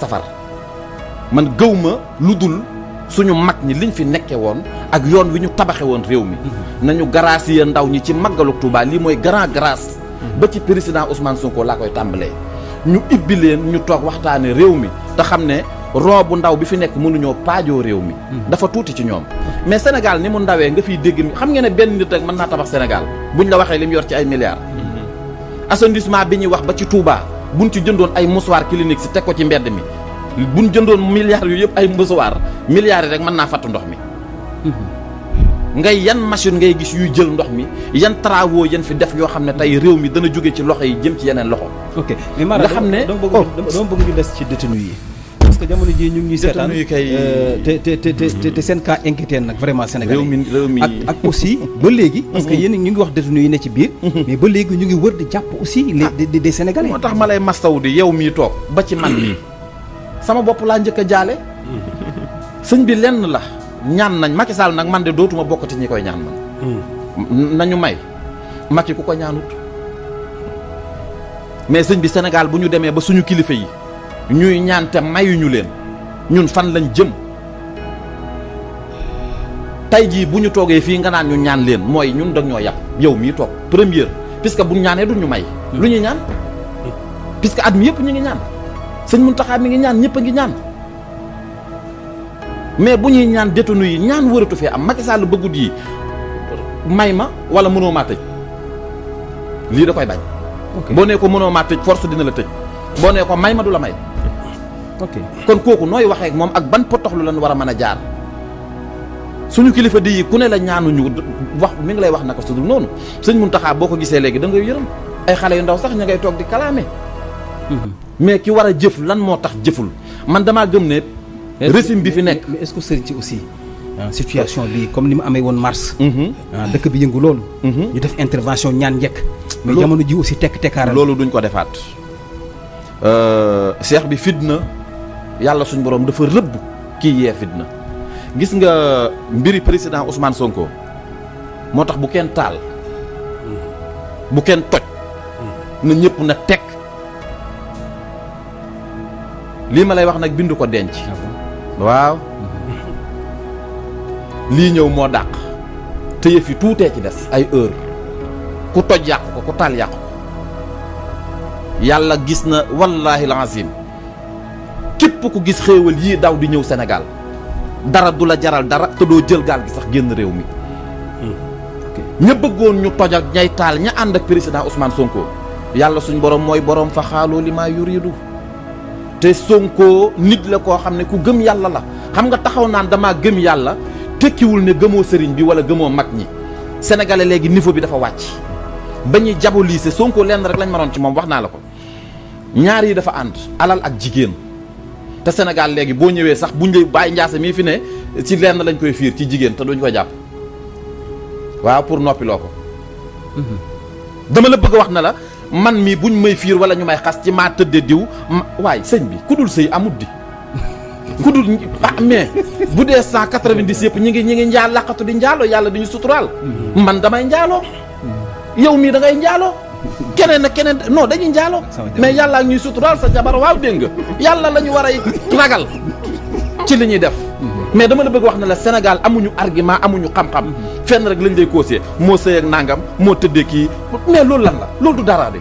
safar man gëw ma lu dul suñu mag ñi liñ fi nekke woon ak yoon wi ñu tabaxe woon réew mi mhm. nañu grâce ya ndaw ñi ci màggalu Touba lii mooy grand grâce mhm. ba ci président Ousmane Sonko laa koy tàmbalee ñu ibbi leen ñu toog waxtaane réew mi te xam ne roo bu ndaw bi fi nekk mënuñoo paajoo réew mi mhm. dafa tuuti ci ñoom mais Sénégal ni mu ndawee nga fiy dégg xam nga ne benn nit rek mën naa tabax Sénégal buñ la waxee li mu yor ci ay milliards arrondissement bi ñuy wax ba ci Touba buñ ci jëndoon ay mouchoir clinique si teg ko ci mbedd mi buñ jëndoon milliards yu yëpp ay mouchoir milliards yi rek mën naa fattu ndox mi ngay yan machine ngay gis yuy jël ndox mi yan travaux yan fi def yoo xam ne tey réew mi dana jóge ci loxo yi jëm ci yeneen loxo ok mais nga xam ne oh. dama bëgg ñu des ci détenu yi que jamono jii ñu ngi ñuy seetaan euh, te te te te seen cas inquiété nag vraiment ak aussi ba léegi parce mhm. yéen ñu ngi wax détenu yi ne ci biir mhm. mais ba léegi ñu ngi wër di jàpp aussi les ah. des Sénégalais moo tax ma lay mastaw di yow mii toog ba ci man bi mhm. sama bopp laa njëkk a jaale sëñ bi lenn la ñaan nañ Macky Sall nag man de dootuma bokk te ñi koy ñaan man nañu may maki ku ko ñaanut mais sëñ bi Sénégal bu ñu demee ba suñu kilifa yi ñuy ñaan te mayuñu leen ñun fan lañ jëm tey jii bu ñu toogee fii nga naan ñu ñaan leen mooy ñun dag ñoo yàpp yow mii toog première puisque bu ñu ñaanee du ñu may. lu ñuy ñaan puisque at mi yëpp ñu ngi ñaan sëñ Mountakha mi ngi ñaan ñëpp a ngi ñaan. mais bu ñuy ñaan détenu yi ñaan wëratu fee am Macky Sall bëggut yi may ma wala mënoo maa tëj lii da koy bañ. boo nee ko mënoo maa tëj force dina la tëj. boo nee ko may ma du la may. ok kon kooku nooy waxee ak moom ak ban potoxlu lan war a mën a jaar suñu kilifa di yi ku ne la ñu wax mi ngi lay wax naka sudul noonu sëñ Muntaxa boo ko gisee léegi da ngay yërëm ay xale yu ndaw sax ña ngay toog di kalaame mhm. mais ki war a jëf lan moo tax jëful man damaa gëm ne régime bi fi nekk mais est-ce que sëriñ si aussi euh, situation bi mu amee woon mars mhm. euh, dëkk bi yëngu loolu mhm. ñu def intervention ñaan njëkk mais jamono ji aussi tekk tekkaaral loolu duñ ko defaat euh, seex bi fitna yalla suñ borom dafa reub ki yee fitna gis nga mbiri president Ousmane Sonko motax bu ken tal bu ken toj na ñepp na tek li ma lay wax nak bindu ko denc waaw li ñew mo dak te yëf yi ci dess ay heure ku toj yak ko ku tal yak ko yalla gis na wallahi alazim képp ku gis xéewal yii daw di ñëw senegal dara du la jaral dara te doo jël gaal bi sax génn réew mi. ña bëggoon ñu toj ak ñay taal ña ànd ak président Ousmane Sonko yàlla suñu borom mooy borom fa xaaloo li maa yuridu te Sonko nit la koo xam ne ku gëm yàlla la xam nga taxaw naan damaa gëm yàlla tekkiwul ne gëmoo sëriñ bi wala gëmoo mag ñi sénégalais léegi niveau bi dafa wàcc ba ñuy jabolise Sonko lenn rek lañ mënoon ci moom wax naa la ko ñaar dafa ànd alal ak jigéen. te Sénégal léegi boo ñëwee sax buñ lay bàyyi njaase mii fi ne ci lenn lañ koy fiir ci jigéen te duñ ko jàpp waaw pour noppiloo ko mm-hmm. dama la bëgg wax na la man mii buñ may fiir wala ñu may xas ci maa tëddee diw waaye sëñ bi ku dul sëy amut di ku dul ah mais bu dee cent quatre-vingt-dix yëpp ñi ngi ñi ngi njaal laqatu di njaaloo yàlla di ñu suturaal mm-hmm. man damay njaaloo mm-hmm. yow mii da ngay njaaloo keneen ak keneen noo dañuy njaaloo mais yàlla ñuy suturaal sa jabar waaw dégg nga yàlla la ñu war a ragal ci li ñuy def mhm. mais dama la bëgg wax ne la Sénégal amuñu argument amuñu xam-xam mhm. fenn rek lañ lay koosee moo sëy ak nangam moo tëddee kii mais loolu lan la loolu du dara